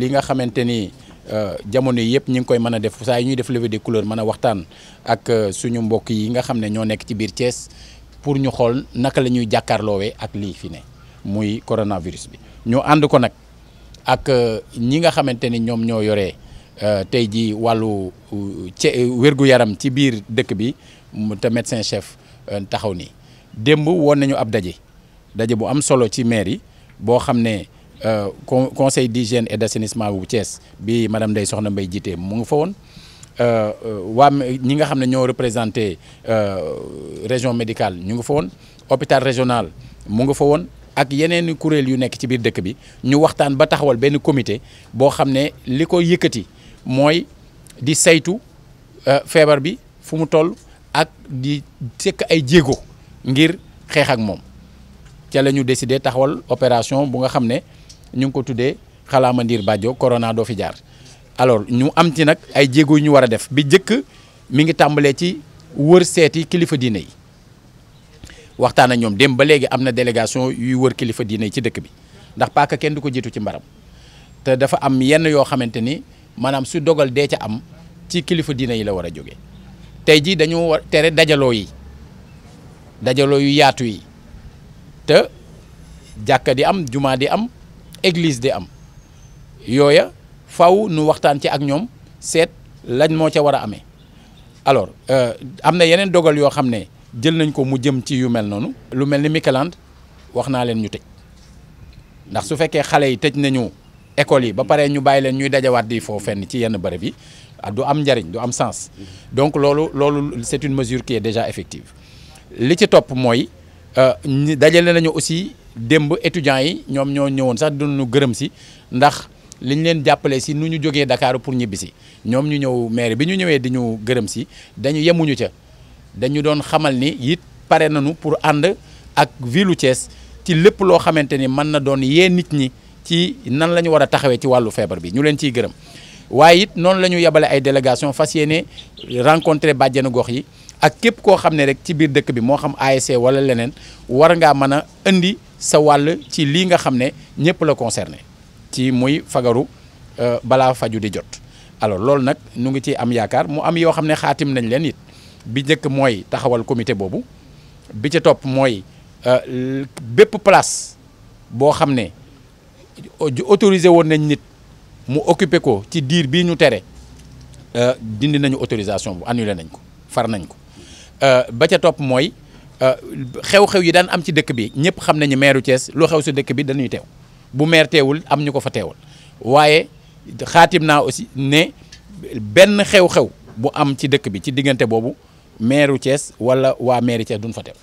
li nga xamante ni euh, jamono yëpp ñu ngi koy mën a def saa yi ñuy def levée des couleurs mën a waxtaan ak euh, suñu mbokk yi nga xam ne ñoo nekk ci biir Thiès pour ñu xool naka la ñuy jàkkaarloowee ak lii fi ne muy coronavirus bi ñu ànd ko nag ak euh, ñi nga xamante ni ñoom ñoo yoree tey jii wàllu ce wérgu yaram ci biir dëkk bi te médecin chef taxaw ni démb woon nañu ab daje daje bu am solo ci maire yi boo xam ne Euh, conseil d'hygiène et d'assainissement bu Thiès bi madame Ndeye Soxna mbay jiite mo ngi fawone euh, euh wa ñi nga xamné ñoo représenter représenté euh, région médicale ñu ngi fawone hôpital régional mo ngi fawone ak yeneen kuréel yu nek ci biir dëkk bi ñu waxtaan ba taxawal ben comité Bo xamné liko yëkëti moy yëkkati mooy di saytu bi fu mu toll ak di tek ay djégo ngir xeex ak mom ci lañu décider décidé taxawal opération bu nga xamné ñu ngi ko tuddee xalaamandiir ndiir bàjjo corona doo fi jaar alors ñu am ci nag ay jéego ñu war a def bi njëkk mi ngi tàmbalee ci wër seeti kilifa diine yi waxtaan ak ñoom dem ba léegi am na délégation yuy wër kilifa diina yi ci dëkk bi ndax paaka kenn du ko jiitu ci mbaram te dafa am yenn yoo xamante ni maanaam su dogal dee ca am ci kilifa diina yi la war a jóge tey jii dañu war tere dajaloo yi dajaloo yu yaatu yi te jàkka di am jumaa di am église de am yooya faw nu waxtaan ci ak ñom set lañ mo ci wara amé alors euh, am na yeneen dogal yo xamné jël nañ ko mu jëm ci yu mel nonu lu melni ni waxna wax leen ñu tej ndax su fekkee xalé yi tej nañu école yi ba paré ñu bàyyi leen ñuy dajawaat di fo fenn ci yenn bari bi ah, du am njariñ du am sens donc lolu lolu c'est une mesure qui est déjà effective li ci topp mooy euh, dajale nañu aussi démb étudiants yi ñoom ñoo ñëwoon sax dinañu gërëm si ndax liñ leen jàppale si nu ñu jógee Dakar pour ñibbi si ñoom ñu ñëw maire bi ñu ñëwee di ñu gërëm si dañu yemuñu ca dañu doon xamal ni it pare nañu pour ànd ak vilu Thiès ci lépp loo xamante ni mën na doon yee nit ñi ci nan la ñu war a taxawee ci wàllu feebar bi ñu leen ciy gërëm waaye it noonu la ñu yebale ay délégation fas yéene rencontré bàjjenu gox yi ak képp koo xam ne rek ci biir dëkk bi moo xam ASC wala leneen war ngaa mën a indi. sa wall ci li nga xamné ñepp la concerné ci muy fagaru euh, bala faju di jot alors nous nak ñu ngi ci am yaakaar mu am yo xamné khatim nañ len nit bi jëk moy taxawal comité Bobu. bi euh, place nañ nit mu occupé ko ci diir nous ñu tere euh, dindi nañu autorisation bu annulé nañ ko far nañ ko ba Euh, xew-xew yi daan am ci dëkk bi ñëpp xam nañu meeru Thiès lu xew si dëkk bi dañuy teew bu meer teewul am ñu ko fa teewal waaye xaatim naa aussi ne benn xew-xew bu am ci dëkk bi ci diggante boobu meeru Thiès wala waa meeri Thiès duñ fa teew.